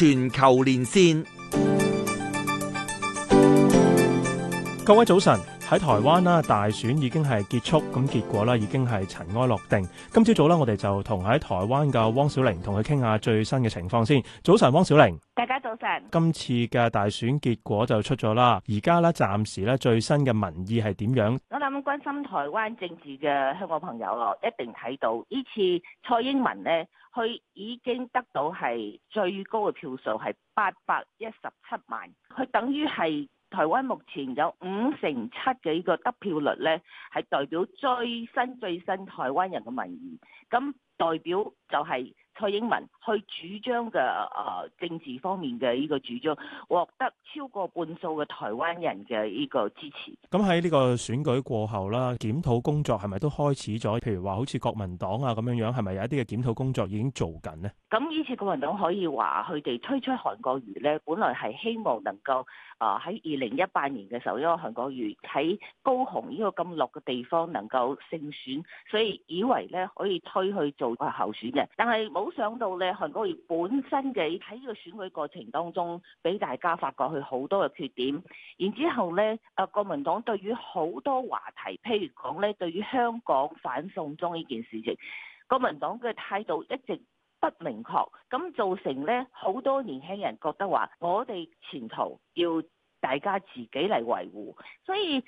全球連線，各位早晨。喺台灣啦，大選已經係結束，咁結果啦已經係塵埃落定。今朝早啦，我哋就同喺台灣嘅汪小玲同佢傾下最新嘅情況先。早晨，汪小玲，大家早晨。今次嘅大選結果就出咗啦，而家呢暫時呢最新嘅民意係點樣？我諗關心台灣政治嘅香港朋友咯，一定睇到呢次蔡英文呢，佢已經得到係最高嘅票數係八百一十七萬，佢等於係。台灣目前有五成七幾個得票率咧，係代表最新最新台灣人嘅民意，噉代表就係、是。蔡英文去主張嘅誒政治方面嘅呢個主張獲得超過半數嘅台灣人嘅呢個支持。咁喺呢個選舉過後啦，檢討工作係咪都開始咗？譬如話好似國民黨啊咁樣樣，係咪有一啲嘅檢討工作已經做緊咧？咁呢次國民黨可以話佢哋推出韓國瑜咧，本來係希望能夠誒喺二零一八年嘅時候，因為韓國瑜喺高雄呢個咁落嘅地方能夠勝選，所以以為咧可以推去做候選嘅，但係冇。想到咧，韓國瑜本身嘅喺呢個選舉過程當中，俾大家發覺佢好多嘅缺點。然之後咧，啊，國民黨對於好多話題，譬如講咧，對於香港反送中呢件事情，國民黨嘅態度一直不明確，咁造成咧，好多年輕人覺得話，我哋前途要大家自己嚟維護。所以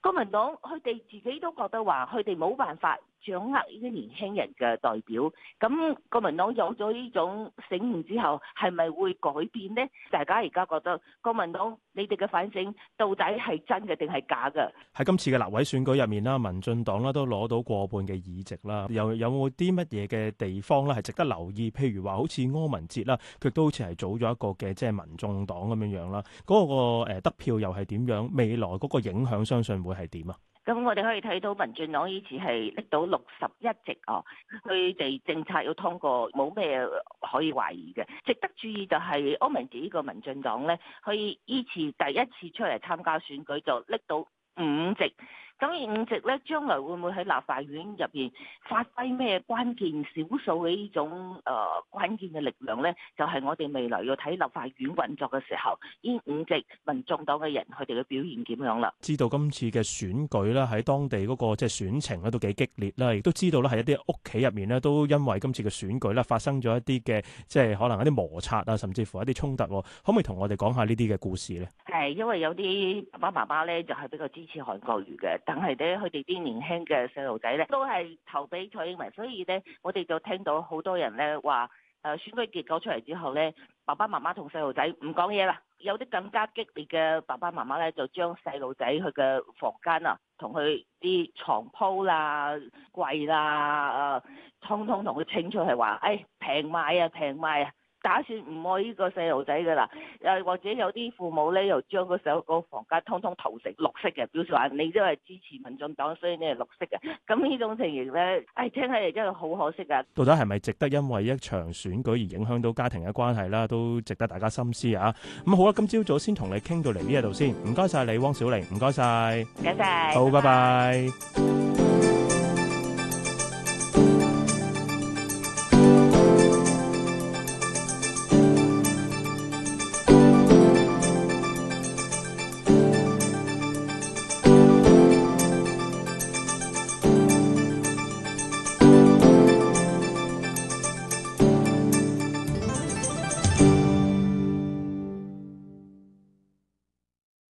國民黨佢哋自己都覺得話，佢哋冇辦法。掌握呢啲年輕人嘅代表，咁國民黨有咗呢種醒悟之後，係咪會改變呢？大家而家覺得國民黨，你哋嘅反省到底係真嘅定係假嘅？喺今次嘅立委選舉入面啦，民進黨啦都攞到過半嘅議席啦，有有冇啲乜嘢嘅地方咧係值得留意？譬如話好似柯文哲啦，佢都好似係組咗一個嘅即係民眾黨咁樣樣啦，嗰個誒得票又係點樣？未來嗰個影響相信會係點啊？咁我哋可以睇到民進黨依次係拎到六十一席哦、啊，佢哋政策要通過冇咩可以懷疑嘅。值得注意就係柯文哲呢個民眾黨咧，佢依次第一次出嚟參加選舉就拎到五席。咁而五席咧，將來會唔會喺立法院入邊發揮咩關鍵少數嘅呢種誒、呃、關鍵嘅力量咧？就係、是、我哋未來要睇立法院運作嘅時候，呢五席民眾黨嘅人佢哋嘅表現點樣啦？知道今次嘅選舉咧，喺當地嗰、那個即係選情咧都幾激烈啦，亦都知道咧喺一啲屋企入面咧都因為今次嘅選舉咧發生咗一啲嘅即係可能一啲摩擦啊，甚至乎一啲衝突。可唔可以同我哋講下呢啲嘅故事咧？係因為有啲爸爸媽媽咧就係比較支持韓國瑜嘅。但係咧，佢哋啲年輕嘅細路仔咧，都係投俾蔡英文，所以咧，我哋就聽到好多人咧話，誒選舉結果出嚟之後咧，爸爸媽媽同細路仔唔講嘢啦，有啲更加激烈嘅爸爸媽媽咧，就將細路仔佢嘅房間啊，同佢啲床鋪啦、櫃啦，誒，通通同佢清出嚟清出去，話，誒、哎、平賣啊，平賣啊！打算唔愛呢個細路仔噶啦，又或者有啲父母咧，又將個細個房間通通塗成綠色嘅，表示話你都係支持民進黨，所以你係綠色嘅。咁呢種情形咧，唉，聽起嚟真係好可惜呀。到底係咪值得因為一場選舉而影響到家庭嘅關係啦？都值得大家深思啊！咁好啦，今朝早先同你傾到嚟呢一度先，唔該晒你，汪小玲，唔該晒，多謝，好，拜拜。